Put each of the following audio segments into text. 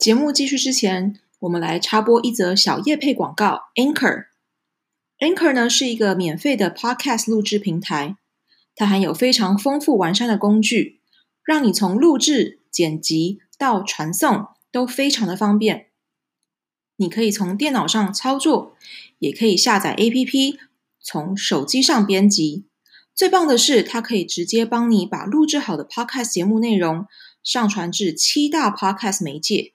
節目繼續之前，我們來插播一則小業配廣告。Anchor Anchor 呢是一個免費的 Podcast 錄製平台，它含有非常豐富完善的工具，讓你從錄製、剪輯到傳送都非常的方便。你可以從電腦上操作，也可以下載 APP 從手機上編輯。最棒的是，它可以直接幫你把錄製好的 Podcast 節目內容上傳至七大 Podcast 媒介。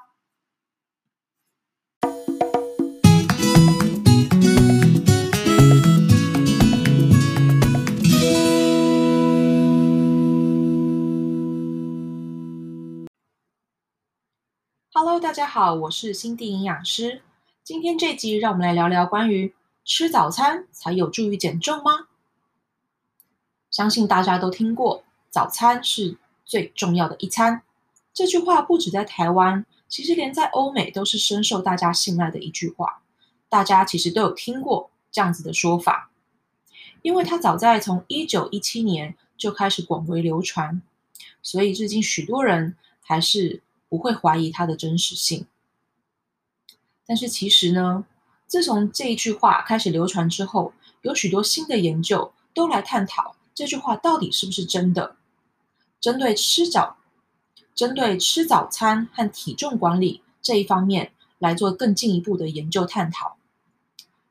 Hello，大家好，我是心地營養師。今天這集，讓我們來聊聊關於吃早餐才有助於減重嗎？相信大家都聽過“早餐是最重要的一餐”這句話，不止在台灣，其實連在歐美都是深受大家信賴的一句話。大家其實都有聽過這樣子的說法，因為它早在從一九一七年就開始廣為流傳，所以最近許多人還是。不會懷疑它的真實性，但是其實呢，自從這一句話開始流傳之後，有許多新的研究都來探討這句話到底是不是真的，針對吃早、針對吃早餐和體重管理這一方面來做更進一步的研究探討。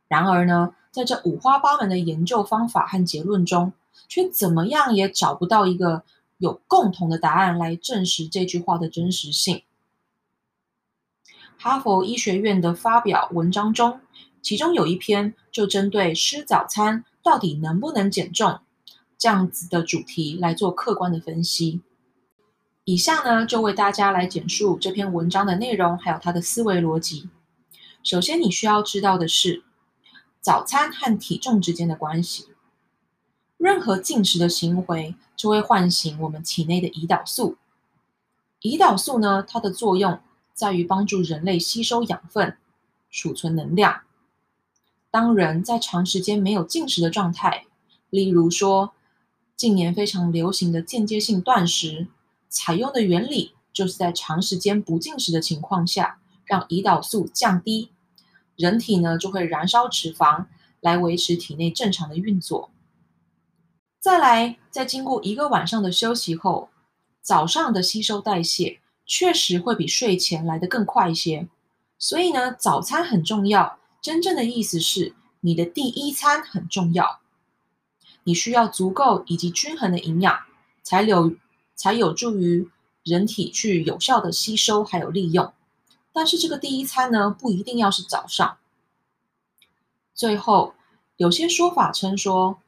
然而呢，在這五花八門的研究方法和結論中，卻怎麼樣也找不到一個。有共同的答案來證實這句話的真實性。哈佛醫學院的發表文章中，其中有一篇就針對吃早餐到底能不能減重這樣子的主題來做客觀的分析。以下呢，就為大家來簡述這篇文章的內容，還有它的思維邏輯。首先，你需要知道的是，早餐和體重之間的關係。任何進食的行為就會喚醒我們體內的胰島素。胰島素呢，它的作用在於幫助人類吸收養分、儲存能量。當人在長時間沒有進食的狀態，例如說近年非常流行的間歇性斷食，採用的原理就是在長時間不進食的情況下，讓胰島素降低，人體呢就會燃燒脂肪來維持體內正常的運作。再來，在經過一個晚上的休息後，早上的吸收代謝確實會比睡前來得更快一些。所以呢，早餐很重要，真正的意思是，你的第一餐很重要。你需要足夠以及均衡的營養，才有才有助於人體去有效的吸收還有利用。但是這個第一餐呢，不一定要是早上。最後，有些說法稱說，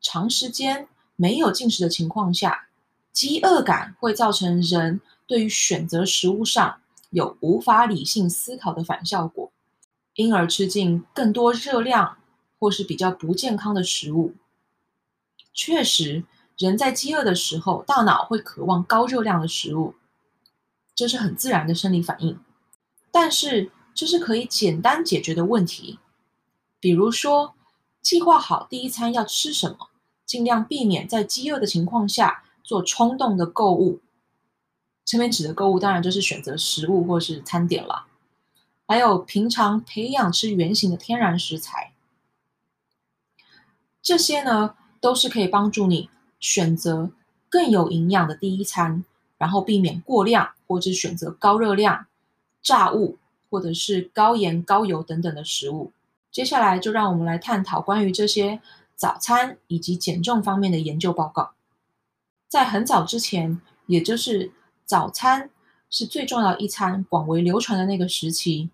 長時間沒有進食的情況下，飢餓感會造成人對於選擇食物上有無法理性思考的反效果，因而吃進更多熱量或是比較不健康的食物。確實，人在飢餓的時候，大腦會渴望高熱量的食物，這是很自然的生理反應。但是，這是可以簡單解決的問題，比如說。計劃好第一餐要吃什麼，盡量避免在飢餓的情況下做衝動的購物。前面指的購物當然就是選擇食物或是餐點了，還有平常培養吃原型的天然食材。這些呢都是可以幫助你選擇更有營養的第一餐，然後避免過量，或者是選擇高熱量、炸物或者是高鹽高油等等的食物。接下來就讓我們來探討關於這些早餐以及減重方面的研究報告。在很早之前，也就是早餐是最重要一餐，廣為流傳的那個時期，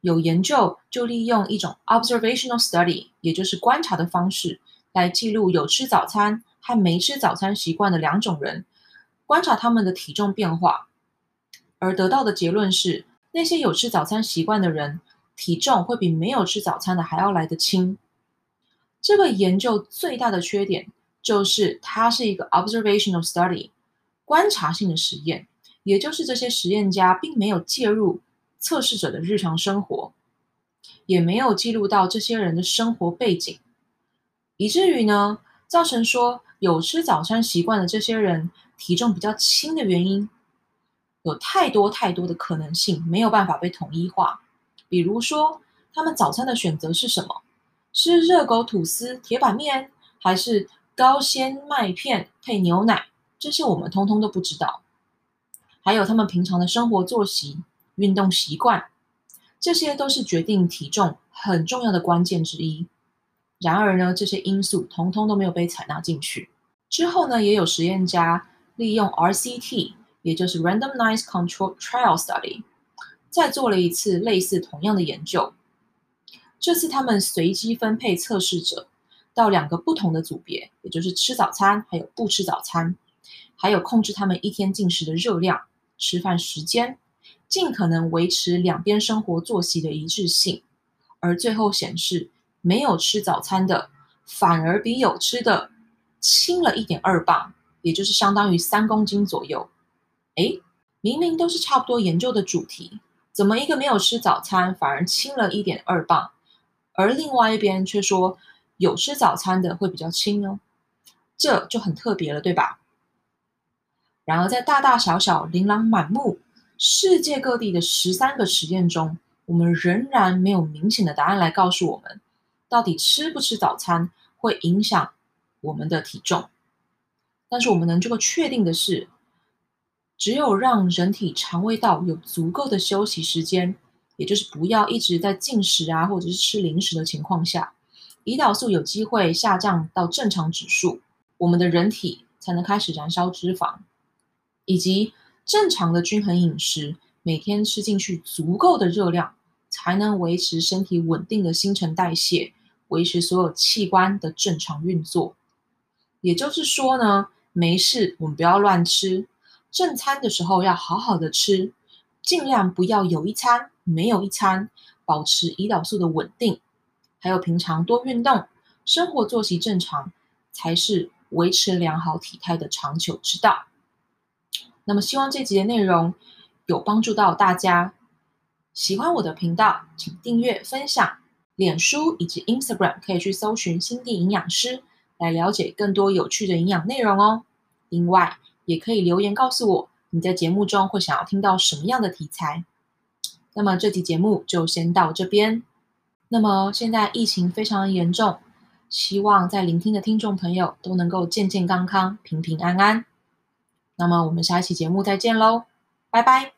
有研究就利用一種 observational study，也就是觀察的方式，來記錄有吃早餐和沒吃早餐習慣的兩種人，觀察他們的體重變化。而得到的結論是，那些有吃早餐習慣的人，體重會比沒有吃早餐的還要來得輕。這個研究最大的缺點就是它是一個 observational study 觀察性的實驗，也就是這些實驗家並沒有介入測試者的日常生活，也沒有記錄到這些人的生活背景，以至於呢，造成說有吃早餐習慣的這些人體重比較輕的原因，有太多太多的可能性，沒有辦法被統一化。比如說，他們早餐的選擇是什麼？是熱狗吐司、鐵板麵，還是高纖麥片配牛奶？這是我們通通都不知道。還有他們平常的生活作息、運動習慣，這些都是決定體重很重要的關鍵之一。然而呢，這些因素通通都沒有被採納進去。之後呢，也有實驗家利用 RCT，也就是 Randomized Controlled Trial Study。再做了一次類似同樣的研究，這次他們隨機分配測試者到兩個不同的組別，也就是吃早餐還有不吃早餐，還有控制他們一天進食的熱量、吃飯時間，盡可能維持兩邊生活作息的一致性，而最後顯示，沒有吃早餐的反而比有吃的輕了一點二磅，也就是相當於三公斤左右。誒，明明都是差不多研究的主題。怎麼一個沒有吃早餐反而輕了一點二磅，而另外一邊卻說有吃早餐的會比較輕呢、哦？這就很特別了，對吧？然而，在大大小小、琳琅滿目、世界各地的十三個實驗中，我們仍然沒有明顯的答案來告訴我們，到底吃不吃早餐會影響我們的體重。但是，我們能這麼確定的是。只有讓人體腸胃道有足夠的休息時間，也就是不要一直在進食啊，或者是吃零食的情況下，胰島素有機會下降到正常指數，我們的人體才能開始燃燒脂肪，以及正常的均衡飲食，每天吃進去足夠的熱量，才能維持身體穩定的新陳代謝，維持所有器官的正常運作。也就是說呢，沒事，我們不要亂吃。正餐的時候要好好的吃，盡量不要有一餐沒有一餐，保持胰島素的穩定，還有平常多運動，生活作息正常，才是維持良好體態的長久之道。那麼希望這集的內容有幫助到大家，喜歡我的頻道，請訂閱、分享、臉書以及 Instagram，可以去搜尋心地營養師來了解更多有趣的營養內容哦。另外，也可以留言告訴我，你在節目中會想要聽到什麼樣的題材。那麼這期節目就先到這邊。那麼現在疫情非常嚴重，希望在聆聽的聽眾朋友都能夠健健康康、平平安安。那麼我們下一期節目再見嘍，拜拜。